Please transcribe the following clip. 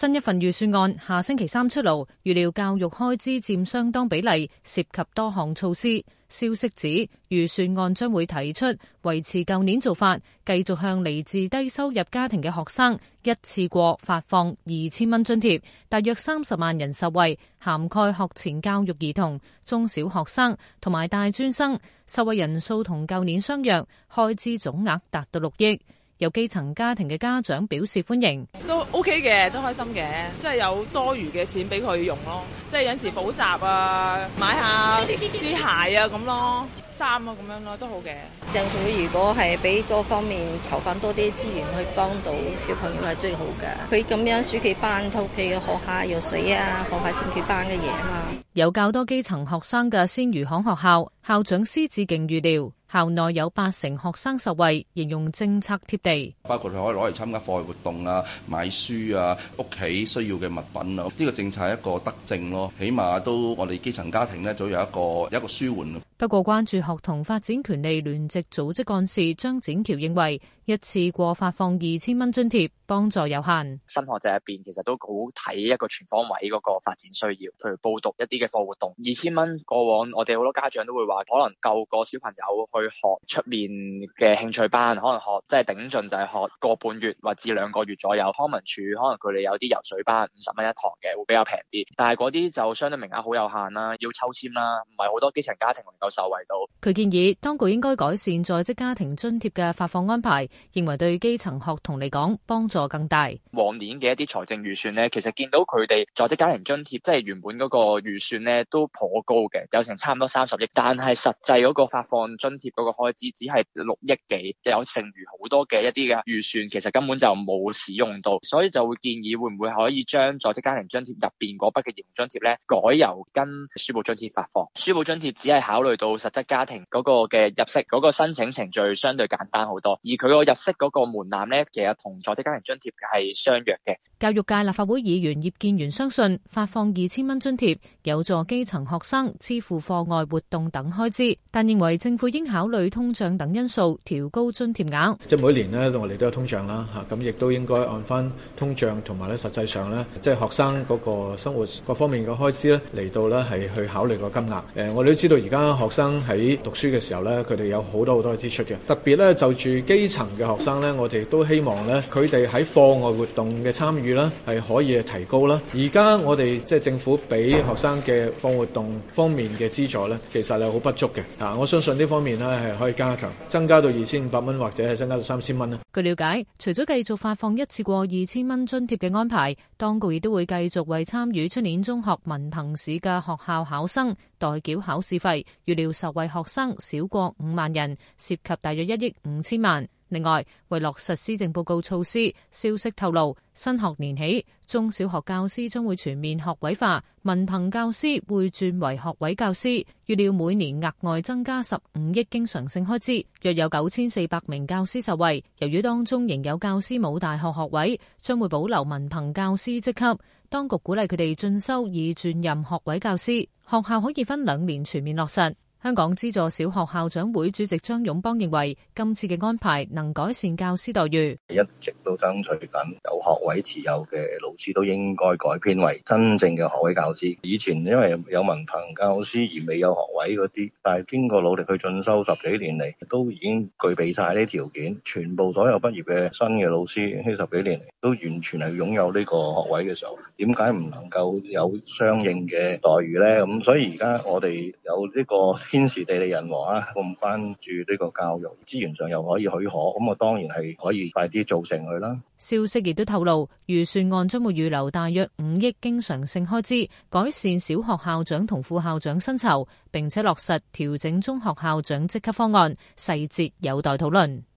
新一份預算案下星期三出爐，預料教育開支佔相當比例，涉及多項措施。消息指，預算案將會提出維持舊年做法，繼續向嚟自低收入家庭嘅學生一次過發放二千蚊津貼，大約三十萬人受惠，涵蓋學前教育兒童、中小學生同埋大專生，受惠人數同舊年相若，開支總額達到六億。有基層家庭嘅家長表示歡迎，都 OK 嘅，都開心嘅，即係有多餘嘅錢俾佢用咯，即係有時補習啊，買下啲鞋啊咁咯，衫啊咁樣咯，都好嘅。政府如果係俾多方面投放多啲資源去幫到小朋友係最好嘅。佢咁樣暑期班，套屋企嘅學下游水啊，學下興趣班嘅嘢啊嘛。有較多基層學生嘅鮮魚行學校校長施志勁預料，校內有八成學生受惠，形容政策貼地，包括佢可以攞嚟參加課外活動啊、買書啊、屋企需要嘅物品啊，呢個政策係一個德政咯，起碼都我哋基層家庭咧，早有一個有一個舒緩。不過關注學童發展權利聯席組織幹事張展橋認為，一次過發放二千蚊津貼幫助有限。新學制入邊其實都好睇一個全方位嗰個發展需要，譬如報讀一啲嘅課活動，二千蚊過往我哋好多家長都會話，可能夠個小朋友去學出面嘅興趣班，可能學即係頂盡就係、是、學個半月或者兩個月左右。康文署可能佢哋有啲游水班五十蚊一堂嘅，會比較平啲，但係嗰啲就相對名額好有限啦，要抽簽啦，唔係好多基層家庭能夠。受惠到。佢建議當局應該改善在職家庭津貼嘅發放安排，認為對基層學童嚟講幫助更大。往年嘅一啲財政預算呢，其實見到佢哋在職家庭津貼即係原本嗰個預算呢都頗高嘅，有成差唔多三十億，但係實際嗰個發放津貼嗰個開支只係六億幾，有剩餘好多嘅一啲嘅預算，其實根本就冇使用到，所以就會建議會唔會可以將在職家庭津貼入邊嗰筆嘅兒童津貼呢，改由跟書簿津貼發放，書簿津貼只係考慮。到實質家庭嗰個嘅入息，嗰個申請程序相對簡單好多，而佢個入息嗰個門檻咧，其實同在職家庭津貼係相約嘅。教育界立法會議員葉建源相信，發放二千蚊津貼有助基層學生支付課外活動等開支，但認為政府應考慮通脹等因素調高津貼額。即係每一年咧，我哋都有通脹啦，嚇咁亦都應該按翻通脹同埋咧實際上咧，即係學生嗰個生活各方面嘅開支咧嚟到咧係去考慮個金額。誒，我哋都知道而家學學生喺讀書嘅時候呢，佢哋有好多好多嘅支出嘅。特別呢，就住基層嘅學生呢，我哋都希望呢，佢哋喺課外活動嘅參與啦，係可以提高啦。而家我哋即係政府俾學生嘅課外活動方面嘅資助呢，其實係好不足嘅。嗱，我相信呢方面呢，係可以加強，增加到二千五百蚊，或者係增加到三千蚊啦。據了解，除咗繼續發放一次過二千蚊津貼嘅安排，當局亦都會繼續為參與出年中學文憑試嘅學校考生代繳考試費，預料受惠學生少過五萬人，涉及大約一億五千萬。另外，為落實施政報告措施，消息透露，新學年起，中小學教師將會全面學位化，文憑教師會轉為學位教師。預料每年額外增加十五億經常性開支，約有九千四百名教師受惠。由於當中仍有教師冇大學學位，將會保留文憑教師職級，當局鼓勵佢哋進修以轉任學位教師。學校可以分兩年全面落實。香港資助小學校長會主席張勇邦認為，今次嘅安排能改善教師待遇。一直都爭取緊有學位持有嘅老師都應該改編爲真正嘅學位教師。以前因為有文憑教師而未有學位嗰啲，但係經過努力去進修十幾年嚟，都已經具備晒呢條件。全部所有畢業嘅新嘅老師呢十幾年嚟都完全係擁有呢個學位嘅時候，點解唔能夠有相應嘅待遇咧？咁所以而家我哋有呢個。天時地利人和啊，我唔關注呢個教育資源上又可以許可，咁我當然係可以快啲做成佢啦。消息亦都透露，預算案將會預留大約五億經常性開支，改善小學校長同副校長薪酬，並且落實調整中學校長職級方案，細節有待討論。